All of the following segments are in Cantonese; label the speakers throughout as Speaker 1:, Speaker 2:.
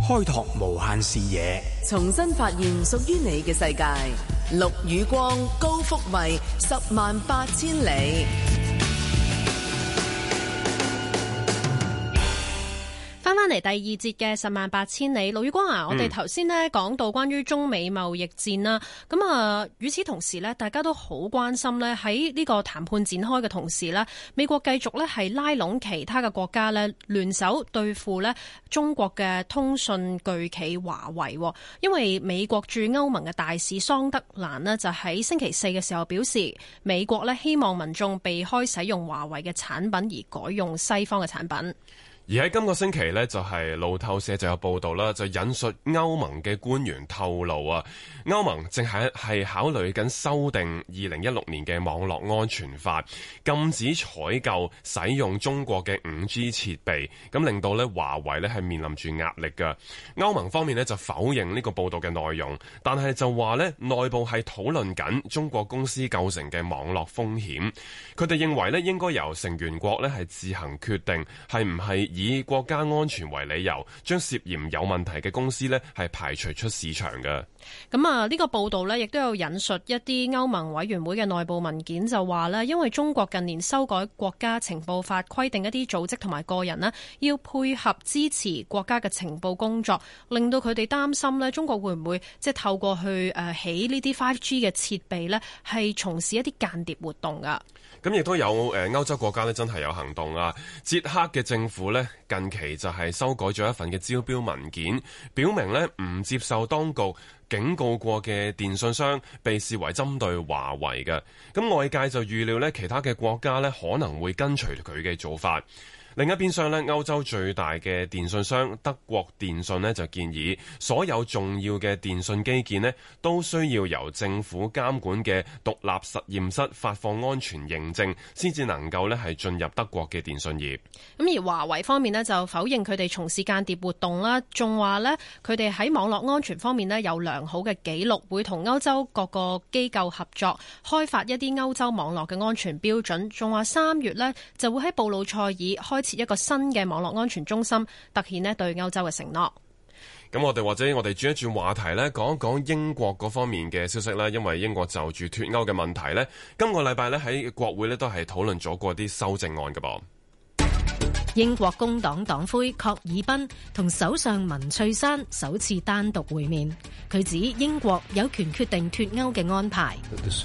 Speaker 1: 開拓
Speaker 2: 無限視野，
Speaker 1: 重新發現屬於你嘅世界。陸宇光，高福慧，十萬八千里。嚟第二節嘅十萬八千里，盧宇光啊！我哋頭先呢講到關於中美貿易戰啦，咁啊、嗯，與此同時呢，大家都好關心呢喺呢個談判展開嘅同時呢，美國繼續呢係拉攏其他嘅國家呢聯手對付呢中國嘅通信巨企華為。因為美國駐歐盟嘅大使桑德蘭呢，就喺星期四嘅時候表示，美國呢希望民眾避開使用華為嘅產品而改用西方嘅產品。
Speaker 3: 而喺今個星期呢，就係路透社就有報道啦，就引述歐盟嘅官員透露啊，歐盟正喺係考慮緊修訂二零一六年嘅網絡安全法，禁止採購使用中國嘅五 G 設備，咁令到呢華為呢係面臨住壓力嘅。歐盟方面呢就否認呢個報道嘅內容，但係就話呢內部係討論緊中國公司構成嘅網絡風險，佢哋認為呢應該由成員國呢係自行決定係唔係。以國家安全為理由，將涉嫌有問題嘅公司呢，係排除出市場嘅。
Speaker 1: 咁啊，呢個報道呢，亦都有引述一啲歐盟委員會嘅內部文件，就話呢，因為中國近年修改國家情報法，規定一啲組織同埋個人呢，要配合支持國家嘅情報工作，令到佢哋擔心呢，中國會唔會即係透過去誒起呢啲 5G 嘅設備呢，係從事一啲間諜活動噶？
Speaker 3: 咁亦都有誒歐洲國家呢，真係有行動啊！捷克嘅政府呢，近期就係修改咗一份嘅招標文件，表明呢，唔接受當局。警告過嘅電信商被視為針對華為嘅。咁外界就預料呢，其他嘅國家呢，可能會跟隨佢嘅做法。另一邊廂呢，歐洲最大嘅電訊商德國電訊呢就建議所有重要嘅電訊基建呢都需要由政府監管嘅獨立實驗室發放安全認證先至能夠呢係進入德國嘅電訊業，
Speaker 1: 咁而華為方面呢就否認佢哋從事間諜活動啦，仲話呢佢哋喺網絡安全方面呢有良好嘅記錄會同歐洲各個機構合作開發一啲歐洲網絡嘅安全標準，仲話三月呢就會喺布魯塞爾開。設一個新嘅網絡安全中心，凸顯咧對歐洲嘅承諾。
Speaker 3: 咁我哋或者我哋轉一轉話題咧，講一講英國嗰方面嘅消息啦。因為英國就住脫歐嘅問題咧，今個禮拜咧喺國會咧都係討論咗過啲修正案嘅噃。
Speaker 1: 英國工黨黨魁郝爾彬同首相文翠珊首次單獨會面，佢指英國有權決定脫歐嘅安排。
Speaker 4: This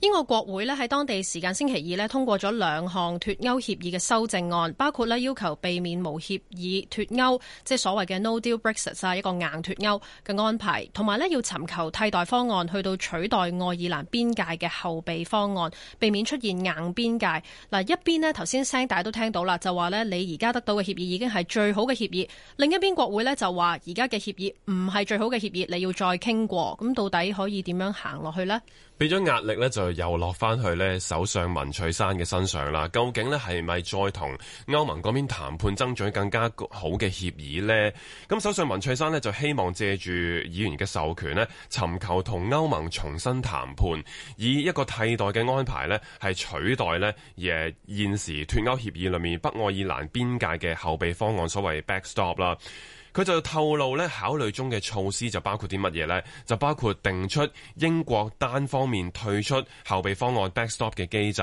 Speaker 1: 英國國會咧喺當地時間星期二咧通過咗兩項脱歐協議嘅修正案，包括咧要求避免無協議脱歐，即係所謂嘅 No Deal Brexit，一個硬脱歐嘅安排，同埋咧要尋求替代方案去到取代愛爾蘭邊界嘅後備方案，避免出現硬邊界。嗱，一邊咧頭先聲大家都聽到啦，就話咧你而家得到嘅協議已經係最好嘅協議，另一邊國會咧就話而家嘅協議唔係最好嘅協議，你要再傾過。咁到底可以點樣行落去呢？
Speaker 3: 俾咗壓力咧，就又落翻去咧首相文翠珊嘅身上啦。究竟呢係咪再同歐盟嗰邊談判爭取更加好嘅協議呢？咁首相文翠珊呢，就希望借住議員嘅授權呢，尋求同歐盟重新談判，以一個替代嘅安排呢，係取代呢而現時脱歐協議裏面北愛爾蘭邊界嘅後備方案所謂 backstop 啦。佢就透露咧，考慮中嘅措施就包括啲乜嘢呢？就包括定出英國單方面退出後備方案 backstop 嘅機制，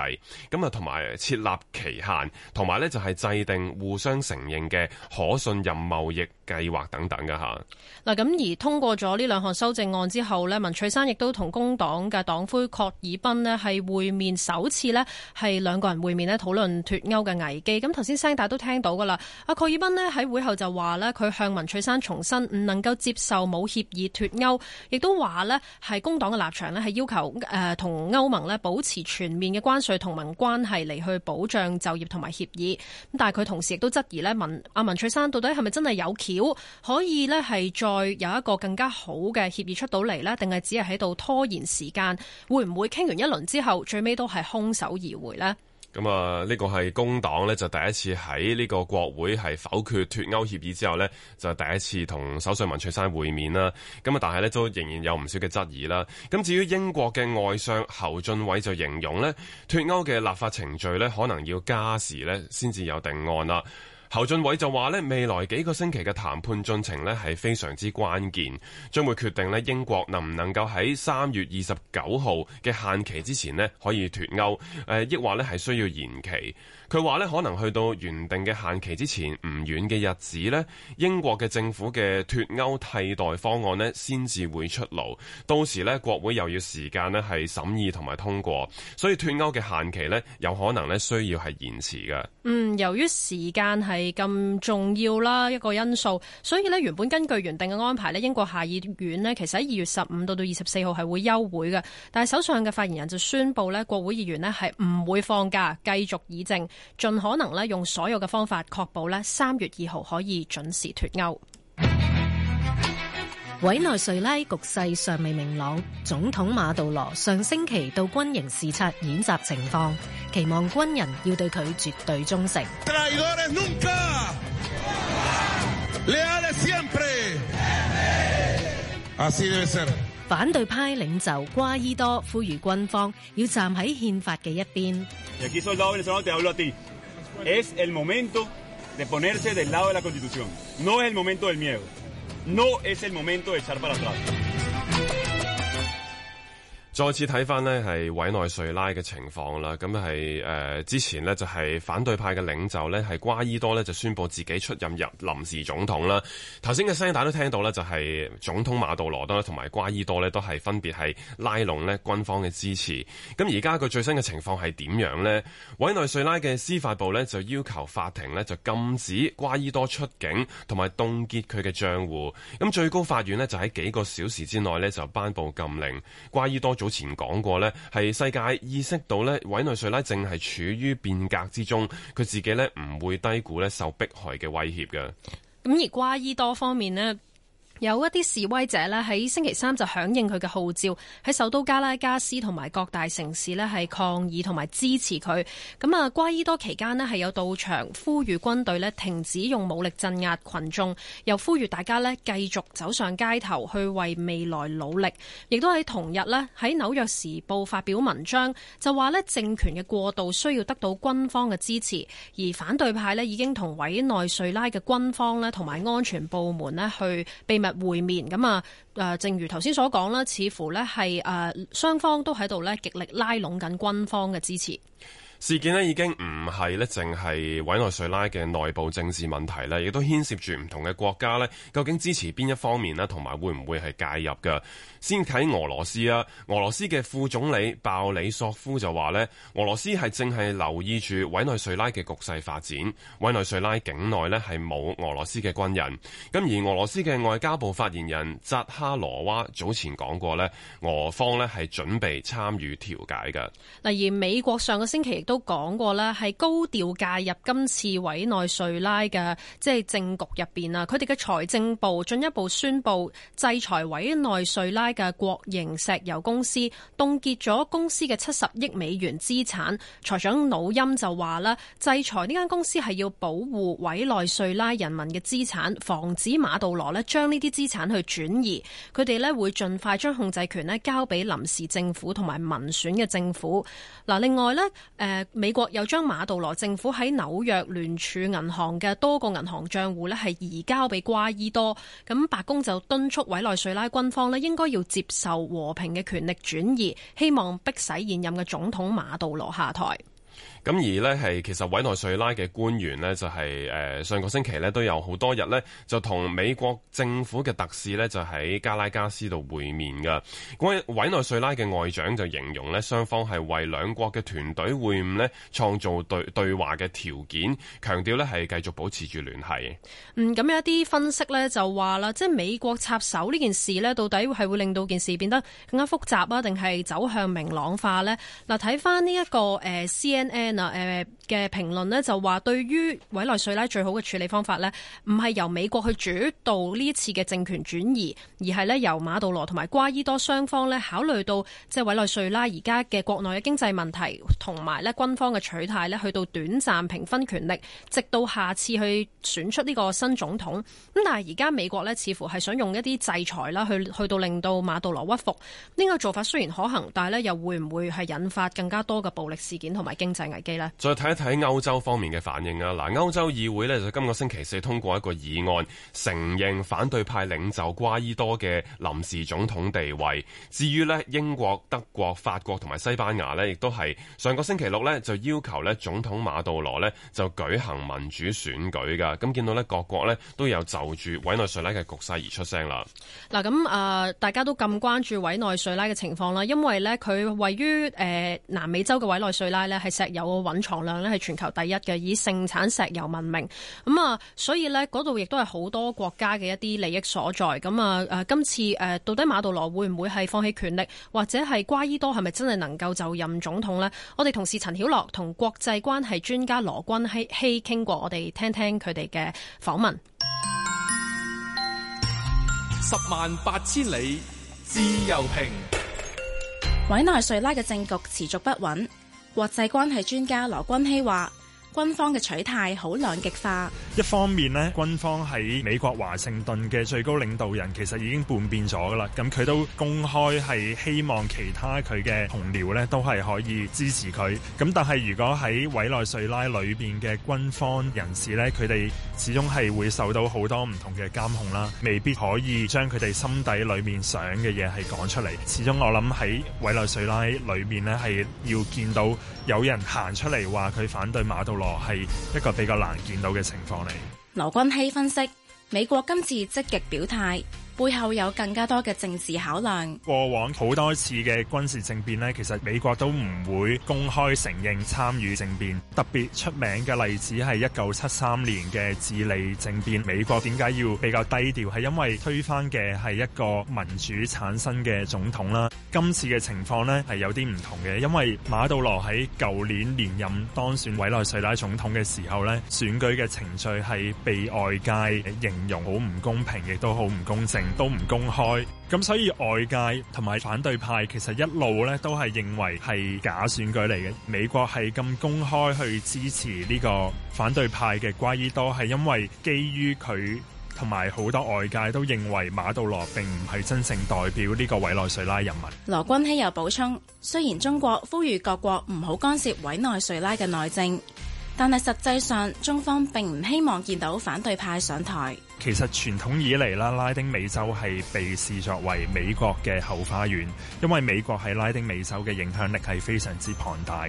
Speaker 3: 咁啊同埋設立期限，同埋咧就係制定互相承認嘅可信任貿易計劃等等嘅嚇。
Speaker 1: 嗱，咁而通過咗呢兩項修正案之後咧，文翠珊亦都同工黨嘅黨魁柯爾賓咧係會面，首次咧係兩個人會面咧討論脱歐嘅危機。咁頭先聲帶都聽到㗎啦，阿柯爾賓咧喺會後就話咧，佢向文翠珊重申唔能夠接受冇協議脱歐，亦都話呢係工黨嘅立場，呢係要求誒，同歐盟呢保持全面嘅關稅同盟關係嚟去保障就業同埋協議。咁但係佢同時亦都質疑呢文，阿文翠珊到底係咪真係有橋可以呢係再有一個更加好嘅協議出到嚟呢？定係只係喺度拖延時間？會唔會傾完一輪之後最尾都係空手而回呢？
Speaker 3: 咁啊，呢個係工黨呢，就第一次喺呢個國會係否決脫歐協議之後呢，就第一次同首相文翠珊會面啦。咁啊，但係呢都仍然有唔少嘅質疑啦。咁至於英國嘅外相侯俊偉就形容呢脫歐嘅立法程序呢，可能要加時呢，先至有定案啦。侯俊偉就話咧，未來幾個星期嘅談判進程呢，係非常之關鍵，將會決定呢，英國能唔能夠喺三月二十九號嘅限期之前呢可以脱歐，誒，抑或係需要延期。佢話咧，可能去到原定嘅限期之前唔遠嘅日子咧，英國嘅政府嘅脱歐替代方案咧，先至會出爐。到時咧，國會又要時間咧，係審議同埋通過，所以脱歐嘅限期咧有可能咧需要係延遲㗎。嗯，
Speaker 1: 由於時間係咁重要啦，一個因素，所以咧原本根據原定嘅安排咧，英國下議院咧其實喺二月十五到到二十四號係會休會嘅，但係首相嘅發言人就宣布咧，國會議員咧係唔會放假，繼續議政，盡可能咧用所有嘅方法確保咧三月二號可以準時脱歐。委內瑞拉局勢尚未明朗，總統馬杜羅上星期到軍營視察演習情況，期望軍人要對佢絕對忠誠。反對派領袖瓜伊多呼籲軍方要站喺憲法嘅
Speaker 2: 一邊。
Speaker 3: 再次睇翻呢，係委內瑞拉嘅情況啦。咁係誒之前呢，就係反對派嘅領袖呢，係瓜伊多呢，就宣布自己出任入臨時總統啦。頭先嘅聲帶都聽到呢就係總統馬杜羅多同埋瓜伊多呢，都係分別係拉攏呢軍方嘅支持。咁而家佢最新嘅情況係點樣呢？委內瑞拉嘅司法部呢，就要求法庭呢，就禁止瓜伊多出境，同埋凍結佢嘅帳戶。咁最高法院呢，就喺幾個小時之內呢，就頒布禁令，瓜伊多。早前講過，呢係世界意識到，呢委內瑞拉正係處於變革之中，佢自己呢唔會低估呢受迫害嘅威脅嘅。
Speaker 1: 咁而瓜伊多方面呢。有一啲示威者呢喺星期三就響應佢嘅號召，喺首都加拉加斯同埋各大城市呢係抗議同埋支持佢。咁啊，瓜伊多期間呢係有到場呼籲軍隊呢停止用武力鎮壓群眾，又呼籲大家呢繼續走上街頭去為未來努力。亦都喺同日呢喺紐約時報發表文章，就話呢政權嘅過渡需要得到軍方嘅支持，而反對派呢已經同委內瑞拉嘅軍方呢同埋安全部門呢去秘密。會面。咁啊，誒，正如頭先所講啦，似乎呢係誒雙方都喺度呢極力拉攏緊軍方嘅支持。
Speaker 3: 事件呢已經唔係呢淨係委內瑞拉嘅內部政治問題咧，亦都牽涉住唔同嘅國家呢，究竟支持邊一方面呢？同埋會唔會係介入㗎？先睇俄羅斯啊！俄羅斯嘅副總理鮑里索夫就話呢，俄羅斯係淨係留意住委內瑞拉嘅局勢發展。委內瑞拉境內咧，係冇俄羅斯嘅軍人。咁而俄羅斯嘅外交部發言人扎哈羅娃早前講過呢，俄方咧，係準備參與調解嘅。
Speaker 1: 例而美國上個星期亦都講過咧，係高調介入今次委內瑞拉嘅、即、就係，政局入邊啊！佢哋嘅財政部進一步宣布制裁委內瑞拉。嘅國營石油公司凍結咗公司嘅七十億美元資產，財長努欽就話啦：制裁呢間公司係要保護委內瑞拉人民嘅資產，防止馬杜羅呢將呢啲資產去轉移。佢哋呢會盡快將控制權呢交俾臨時政府同埋民選嘅政府。嗱，另外呢誒美國又將馬杜羅政府喺紐約聯儲銀行嘅多個銀行賬戶呢係移交俾瓜伊多。咁白宮就敦促委內瑞拉軍方呢應該要。接受和平嘅權力轉移，希望迫使現任嘅總統馬杜羅下台。
Speaker 3: 咁而呢，係其實委內瑞拉嘅官員呢，就係誒上個星期咧都有好多日咧，就同美國政府嘅特使咧，就喺加拉加斯度會面噶。委內瑞拉嘅外長就形容呢，雙方係為兩國嘅團隊會晤咧創造對對話嘅條件，強調咧係繼續保持住聯繫。
Speaker 1: 嗯，咁有一啲分析咧就話啦，即係美國插手呢件事咧，到底係會令到件事變得更加複雜啊，定係走向明朗化咧？嗱，睇翻呢一個誒 C N N。嗱，嘅評論呢，就話，對於委內瑞拉最好嘅處理方法呢，唔係由美國去主導呢一次嘅政權轉移，而係咧由馬杜羅同埋瓜伊多雙方咧考慮到即係委內瑞拉而家嘅國內嘅經濟問題，同埋咧軍方嘅取態咧，去到短暫平分權力，直到下次去選出呢個新總統。咁但係而家美國呢，似乎係想用一啲制裁啦，去去到令到馬杜羅屈服。呢個做法雖然可行，但係咧又會唔會係引發更加多嘅暴力事件同埋經濟危？
Speaker 3: 再睇一睇歐洲方面嘅反應啊！嗱，歐洲議會呢，就今個星期四通過一個議案，承認反對派領袖瓜伊多嘅臨時總統地位。至於呢英國、德國、法國同埋西班牙呢，亦都係上個星期六呢，就要求呢總統馬杜羅呢，就舉行民主選舉㗎。咁見到呢，各國呢，都有就住委內瑞拉嘅局勢而出聲啦。
Speaker 1: 嗱，咁、呃、啊，大家都咁關注委內瑞拉嘅情況啦，因為呢，佢位於誒、呃、南美洲嘅委內瑞拉呢，係石油的。個蘊藏量咧係全球第一嘅，以盛產石油聞名。咁、嗯、啊，所以呢嗰度亦都係好多國家嘅一啲利益所在。咁、嗯、啊、誒、呃，今次誒、呃，到底馬杜羅會唔會係放棄權力，或者係瓜伊多係咪真係能夠就任總統呢？我哋同事陳曉樂同國際關係專家羅鈞禧、hey, 傾、hey, 過，我哋聽聽佢哋嘅訪問。
Speaker 3: 十萬八千里
Speaker 2: 自由評，
Speaker 1: 委內瑞拉嘅政局持續不穩。國際關係專家羅鈞禧話，軍方嘅取態好兩極化，
Speaker 2: 一方面呢，軍方喺美國華盛頓嘅最高領導人其實已經叛變咗㗎喇，咁佢都公開係希望其他佢嘅同僚呢都係可以支持佢。咁但係如果喺委內瑞拉裏面嘅軍方人士呢，佢哋始終係會受到好多唔同嘅監控啦，未必可以將佢哋心底裏面想嘅嘢係講出嚟。始終我諗喺委內瑞拉裏面呢係要見到。有人行出嚟話佢反對馬杜羅係一個比較難見到嘅情況嚟。
Speaker 1: 羅鈞禧分析，美國今次積極表態。背後有更加多嘅政治考量。
Speaker 2: 過往好多次嘅軍事政變呢，其實美國都唔會公開承認參與政變。特別出名嘅例子係一九七三年嘅智利政變。美國點解要比較低調？係因為推翻嘅係一個民主產生嘅總統啦。今次嘅情況呢，係有啲唔同嘅，因為馬杜羅喺舊年連任當選委內瑞拉總統嘅時候呢，選舉嘅程序係被外界形容好唔公平，亦都好唔公正。都唔公開咁，所以外界同埋反對派其實一路咧都係認為係假選舉嚟嘅。美國係咁公開去支持呢個反對派嘅瓜伊多，係因為基於佢同埋好多外界都認為馬杜羅並唔係真正代表呢個委內瑞拉人民。
Speaker 1: 羅鈞禧又補充，雖然中國呼籲各國唔好干涉委內瑞拉嘅內政。但係實際上，中方並唔希望見到反對派上台。
Speaker 2: 其實傳統以嚟啦，拉丁美洲係被視作為美國嘅後花園，因為美國喺拉丁美洲嘅影響力係非常之龐大。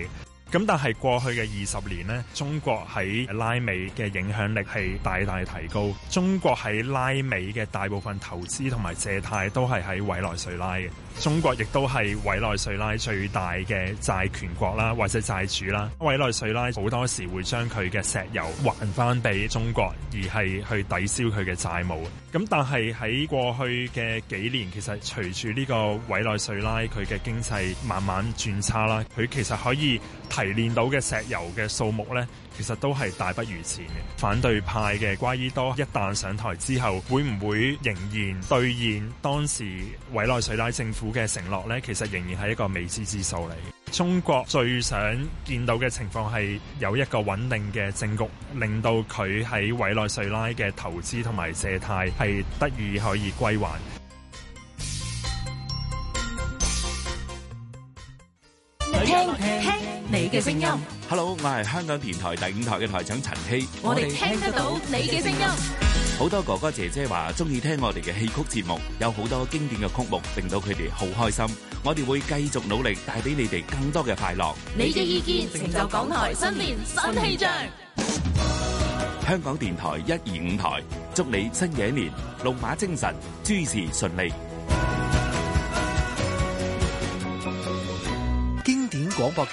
Speaker 2: 咁但係過去嘅二十年咧，中國喺拉美嘅影響力係大大提高。中國喺拉美嘅大部分投資同埋借貸都係喺委內瑞拉嘅。中國亦都係委內瑞拉最大嘅債權國啦，或者債主啦。委內瑞拉好多時會將佢嘅石油還翻俾中國，而係去抵消佢嘅債務。咁但係喺過去嘅幾年，其實隨住呢個委內瑞拉佢嘅經濟慢慢轉差啦，佢其實可以。提煉到嘅石油嘅數目呢，其實都係大不如前嘅。反對派嘅瓜伊多一旦上台之後，會唔會仍然兌現當時委內瑞拉政府嘅承諾呢？其實仍然係一個未知之數嚟。中國最想見到嘅情況係有一個穩定嘅政局，令到佢喺委內瑞拉嘅投資同埋借貸係得以可以歸還。嘅聲音，Hello，我係香港電台第五台嘅台長陳希，我哋聽
Speaker 1: 得到你嘅聲音。
Speaker 2: 好多哥哥姐姐話中意聽我哋嘅戲曲節目，有好多經典嘅曲目令到佢哋好開心。我哋會繼續努力帶俾你哋更多嘅快樂。你嘅
Speaker 4: 意見成就港台新年新氣象。
Speaker 2: 香港電台一、二、五台祝你新嘅一年，龍馬精神，諸事順利。經典廣播劇。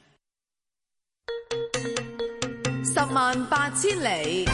Speaker 1: 十萬八千里。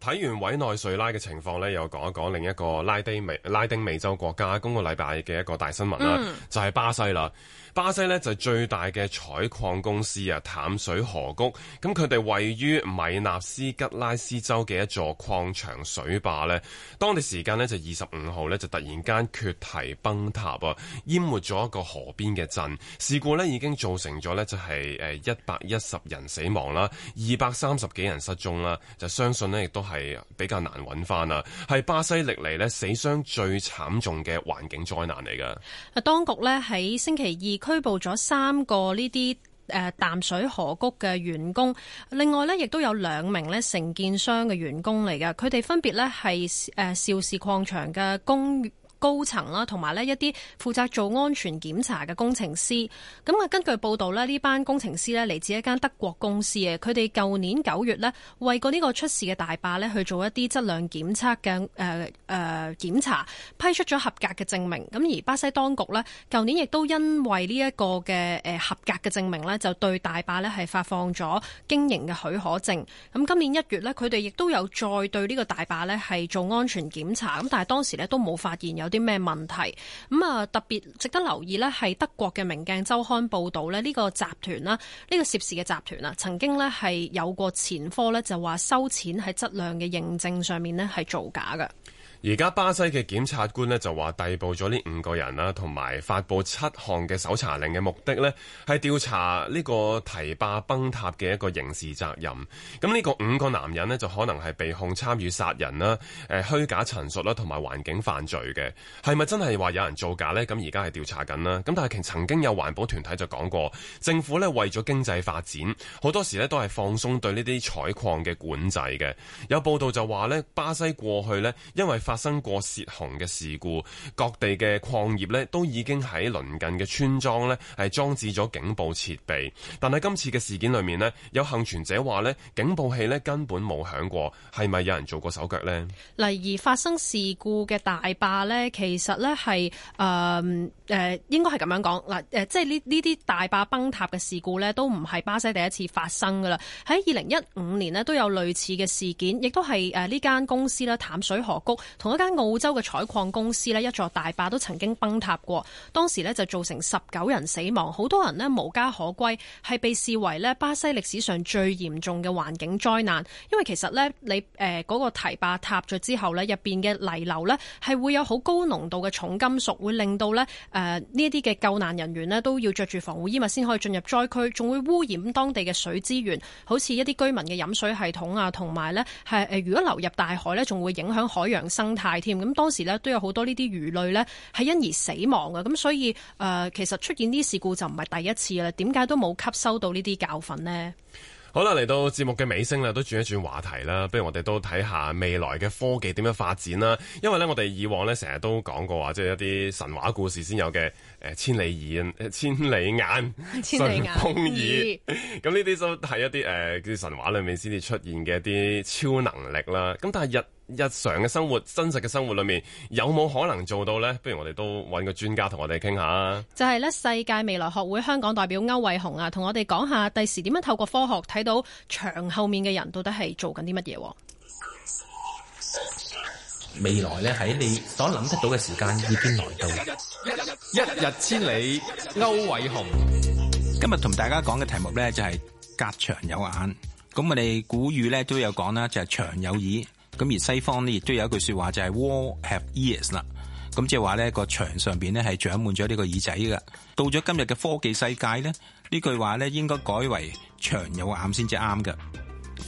Speaker 3: 睇完委內瑞拉嘅情況咧，又講一講另一個拉丁美拉丁美洲國家今個禮拜嘅一個大新聞啦，嗯、就係巴西啦。巴西咧就係、最大嘅採礦公司啊，淡水河谷。咁佢哋位於米納斯吉拉斯州嘅一座礦場水壩咧，當地時間咧就二十五號咧就突然間決堤崩塌啊，淹沒咗一個河邊嘅鎮。事故咧已經造成咗咧就係誒一百一十人死亡啦，二百三十幾人失蹤啦。就相信咧亦都。係比較難揾翻啦，係巴西歷嚟咧死傷最慘重嘅環境災難嚟噶。
Speaker 1: 啊，當局咧喺星期二拘捕咗三個呢啲誒淡水河谷嘅員工，另外呢，亦都有兩名咧承建商嘅員工嚟噶，佢哋分別咧係誒肇事礦場嘅工。高層啦，同埋咧一啲負責做安全檢查嘅工程師，咁啊，根據報道咧，呢班工程師咧嚟自一間德國公司嘅，佢哋舊年九月咧為過呢個出事嘅大壩咧去做一啲質量檢測嘅誒誒檢查，批出咗合格嘅證明。咁而巴西當局咧舊年亦都因為呢一個嘅誒合格嘅證明咧，就對大壩咧係發放咗經營嘅許可證，咁今年一月咧，佢哋亦都有再對呢個大壩咧係做安全檢查，咁但係當時咧都冇發現有啲咩問題咁啊？特別值得留意呢，係德國嘅《明鏡週刊》報道呢、呢個集團啦，呢、呢個涉事嘅集團啊，曾經呢係有過前科呢就話收錢喺質量嘅認證上面呢係造假嘅。
Speaker 3: 而家巴西嘅檢察官呢，就話逮捕咗呢五個人啦，同埋發佈七項嘅搜查令嘅目的呢，係調查呢個堤壩崩塌嘅一個刑事責任。咁呢個五個男人呢，就可能係被控參與殺人啦、誒、呃、虛假陳述啦同埋環境犯罪嘅。係咪真係話有人造假呢？咁而家係調查緊啦。咁但係曾經有環保團體就講過，政府呢，為咗經濟發展，好多時呢都係放鬆對呢啲採礦嘅管制嘅。有報道就話呢，巴西過去呢，因為，發生過洩洪嘅事故，各地嘅礦業呢都已經喺鄰近嘅村莊呢係裝置咗警報設備。但係今次嘅事件裏面呢，有幸存者話呢警報器呢根本冇響過，係咪有人做過手腳呢？
Speaker 1: 嗱，而發生事故嘅大壩呢，其實呢係誒誒，應該係咁樣講嗱，誒，即係呢呢啲大壩崩塌嘅事故呢都唔係巴西第一次發生噶啦。喺二零一五年呢都有類似嘅事件，亦都係誒呢間公司咧淡水河谷。同一間澳洲嘅採礦公司呢，一座大壩都曾經崩塌過，當時呢，就造成十九人死亡，好多人呢，無家可歸，係被視為呢巴西歷史上最嚴重嘅環境災難。因為其實呢，你誒嗰、呃那個堤壩塌咗之後呢入邊嘅泥流呢，係會有好高濃度嘅重金屬，會令到呢誒呢啲嘅救難人員呢，都要穿着住防護衣物先可以進入災區，仲會污染當地嘅水資源，好似一啲居民嘅飲水系統啊，同埋呢，係、呃、如果流入大海呢，仲會影響海洋生態添，咁當時咧都有好多呢啲魚類咧係因而死亡嘅。咁所以誒、呃、其實出現呢啲事故就唔係第一次啦，點解都冇吸收到呢啲教訓呢？
Speaker 3: 好啦，嚟到節目嘅尾聲啦，都轉一轉話題啦，不如我哋都睇下未來嘅科技點樣發展啦，因為咧我哋以往咧成日都講過話，即係一啲神話故事先有嘅。誒，千里眼，千里眼，千里眼，順風耳，咁呢啲都係一啲誒、呃，神話裏面先至出現嘅一啲超能力啦。咁但係日日常嘅生活，真實嘅生活裏面，有冇可能做到呢？不如我哋都揾個專家同我哋傾下。
Speaker 1: 就係呢，世界未來學會香港代表歐偉雄啊，同我哋講下第時點樣透過科學睇到牆後面嘅人到底係做緊啲乜嘢？未
Speaker 5: 來呢，喺你所諗得到嘅時間已經來到。一日千里，區煒洪。今日同大家講嘅題目呢、就是，就係隔牆有眼。咁我哋古語呢都有講啦、就是，就係牆有耳。咁而西方呢，亦都有一句說話就係、是、Wall have ears 啦。咁即係話呢個牆上邊呢，係長滿咗呢個耳仔㗎。到咗今日嘅科技世界呢，呢句話呢應該改為牆有眼先至啱㗎。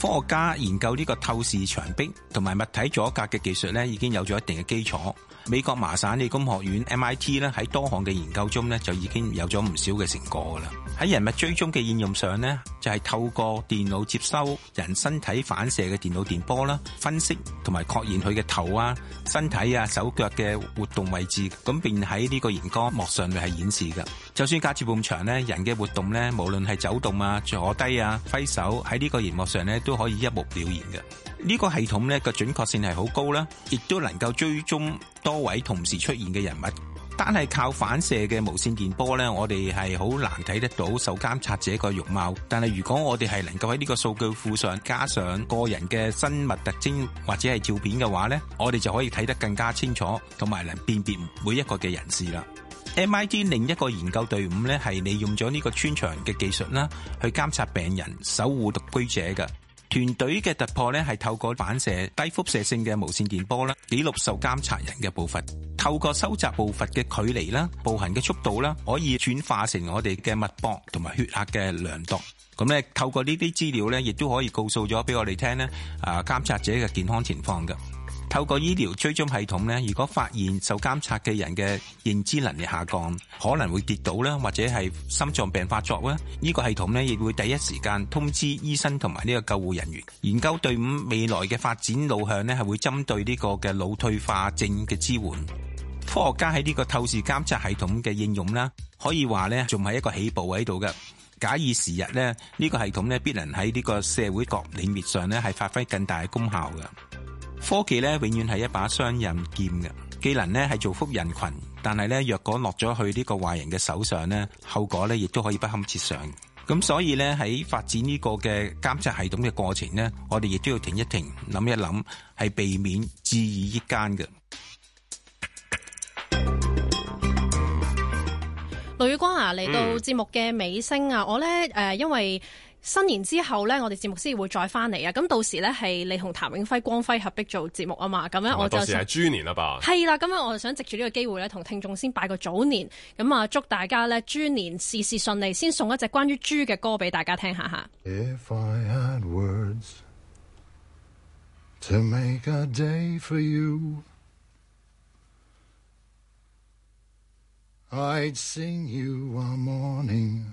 Speaker 5: 科學家研究呢個透視牆壁同埋物體阻隔嘅技術呢，已經有咗一定嘅基礎。美國麻省理工學院 MIT 咧，喺多項嘅研究中就已經有咗唔少嘅成果㗎啦。喺人物追蹤嘅應用上就係透過電腦接收人身體反射嘅電腦電波啦，分析同埋確認佢嘅頭啊、身體啊、手腳嘅活動位置，咁並喺呢個熒光幕上面係顯示㗎。就算隔住咁長咧，人嘅活動咧，無論係走動啊、坐低啊、揮手，喺呢個熒幕上咧都可以一目了然嘅。呢、呢個系統咧個準確性係好高啦，亦都能夠追蹤多位同時出現嘅人物。單係靠反射嘅無線電波呢，我哋係好難睇得到受監察者個容貌。但係如果我哋係能夠喺呢個數據庫上加上個人嘅生物特徵或者係照片嘅話呢，我哋就可以睇得更加清楚，同埋能辨別每一個嘅人士啦。MIT 另一個研究隊伍呢，係利用咗呢個穿牆嘅技術啦，去監察病人、守護獨居者嘅。團隊嘅突破咧，係透過反射低輻射性嘅無線電波啦，記錄受監察人嘅步伐。透過收集步伐嘅距離啦、步行嘅速度啦，可以轉化成我哋嘅脈搏同埋血壓嘅量度。咁咧，透過呢啲資料咧，亦都可以告訴咗俾我哋聽咧，啊監察者嘅健康情況嘅。透過醫療追蹤系統咧，如果發現受監察嘅人嘅認知能力下降，可能會跌倒啦，或者係心臟病發作咧，呢個系統咧亦會第一時間通知醫生同埋呢個救護人員。研究隊伍未來嘅發展路向係會針對呢個嘅腦退化症嘅支援。科學家喺呢個透視監測系統嘅應用啦，可以話呢仲係一個起步喺度嘅。假以時日咧，呢個系統必能喺呢個社會各領域上係發揮更大嘅功效嘅。科技咧永遠係一把雙刃劍嘅，既能咧係造福人群，但係咧若果落咗去呢個壞人嘅手上咧，後果咧亦都可以不堪設想。咁所以咧喺發展呢個嘅監測系統嘅過程咧，我哋亦都要停一停，諗一諗，係避免致意益奸嘅。
Speaker 1: 雷光啊，嚟到節目嘅尾聲啊，嗯、我呢，誒、呃，因為。新年之後呢，我哋節目先會再翻嚟啊！咁到時呢，係你同譚永輝光輝合璧做節目啊嘛！咁樣我就到時係豬
Speaker 3: 年啦吧。係
Speaker 1: 啦，咁樣我就想藉住呢個機會呢，同聽眾先拜個早年，咁啊祝大家呢，豬年事事順利，先送一隻關於豬嘅歌俾大家聽下下
Speaker 4: If I had words to make a day for you, I'd sing you a morning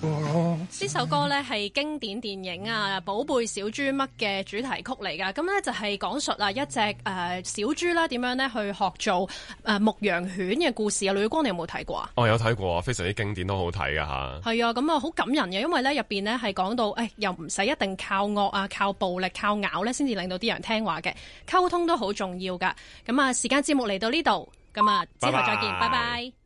Speaker 1: 呢、哦哦、首歌呢係經典電影啊《寶貝小豬嘜》嘅主題曲嚟噶咁呢就係講述一隻、呃、啊一隻誒小豬啦，點樣呢去學做誒、呃、牧羊犬嘅故事啊。女光，你有冇睇過
Speaker 3: 啊？哦，有睇過啊，非常之經典，都好睇噶吓。
Speaker 1: 係啊，咁啊好感人嘅，因為面呢入邊呢係講到誒，又唔使一定靠惡啊、靠暴力、靠咬呢先至令到啲人聽話嘅，溝通都好重要噶。咁啊，時間節目嚟到呢度，咁啊，之後再見，拜拜 bye。Bye bye